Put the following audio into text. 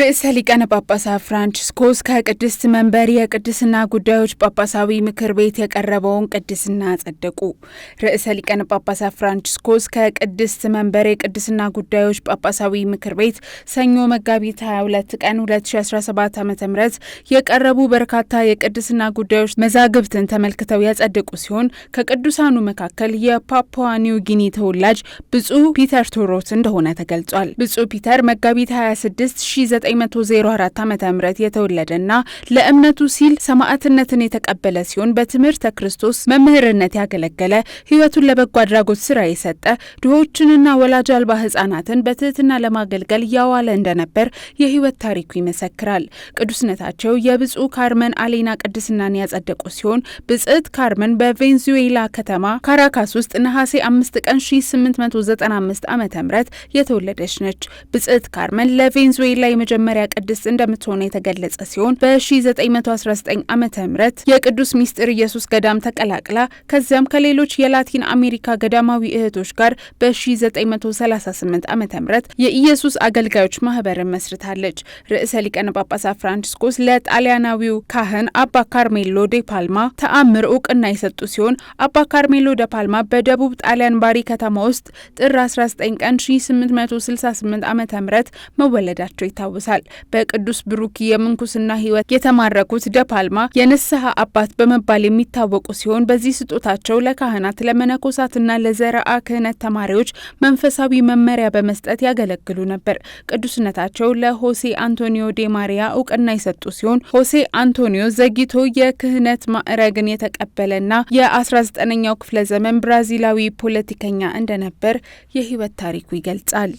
ርዕሰ ሊቃነ ጳጳሳት ፍራንቺስኮስ ከቅድስት መንበር የቅድስና ጉዳዮች ጳጳሳዊ ምክር ቤት የቀረበውን ቅድስና አጸደቁ። ርዕሰ ሊቃነ ጳጳሳት ፍራንቺስኮስ ከቅድስት መንበር የቅድስና ጉዳዮች ጳጳሳዊ ምክር ቤት ሰኞ መጋቢት 22 ቀን 2017 ዓ ም የቀረቡ በርካታ የቅድስና ጉዳዮች መዛግብትን ተመልክተው ያጸደቁ ሲሆን ከቅዱሳኑ መካከል የፓፑዋ ኒው ጊኒ ተወላጅ ብፁዕ ፒተር ቶሮት እንደሆነ ተገልጿል። ብፁዕ ፒተር መጋቢት 26 1904 ዓ ም የተወለደና ለእምነቱ ሲል ሰማዕትነትን የተቀበለ ሲሆን በትምህርተ ክርስቶስ መምህርነት ያገለገለ ህይወቱን ለበጎ አድራጎት ስራ የሰጠ ድሆችንና ወላጅ አልባ ህጻናትን በትህትና ለማገልገል ያዋለ እንደነበር የህይወት ታሪኩ ይመሰክራል። ቅዱስነታቸው የብፁዕ ካርመን አሌና ቅድስናን ያጸደቁ ሲሆን ብጽዕት ካርመን በቬንዙዌላ ከተማ ካራካስ ውስጥ ነሐሴ 5 ቀን 1895 ዓ ም የተወለደች ነች። ብጽዕት ካርመን ለቬንዙዌላ የመጀመሪያ ቅድስት እንደምትሆነ የተገለጸ ሲሆን በ1919 ዓ ም የቅዱስ ሚስጥር ኢየሱስ ገዳም ተቀላቅላ ከዚያም ከሌሎች የላቲን አሜሪካ ገዳማዊ እህቶች ጋር በ1938 ዓ ም የኢየሱስ አገልጋዮች ማህበርን መስርታለች። ርዕሰ ሊቀን ጳጳሳት ፍራንቺስኮስ ለጣሊያናዊው ካህን አባ ካርሜሎ ዴ ፓልማ ተአምር እውቅና የሰጡ ሲሆን አባ ካርሜሎ ደ ፓልማ በደቡብ ጣሊያን ባሪ ከተማ ውስጥ ጥር 19 ቀን 1868 ዓ ም መወለዳቸው ይታወሳል። ያስታውሳል። በቅዱስ ብሩክ የምንኩስና ህይወት የተማረኩት ደፓልማ የንስሐ አባት በመባል የሚታወቁ ሲሆን በዚህ ስጦታቸው ለካህናት ለመነኮሳትና ለዘረአ ክህነት ተማሪዎች መንፈሳዊ መመሪያ በመስጠት ያገለግሉ ነበር። ቅዱስነታቸው ለሆሴ አንቶኒዮ ዴ ማሪያ እውቅና የሰጡ ሲሆን ሆሴ አንቶኒዮ ዘግይቶ የክህነት ማዕረግን የተቀበለና የ19ኛው ክፍለ ዘመን ብራዚላዊ ፖለቲከኛ እንደነበር የህይወት ታሪኩ ይገልጻል።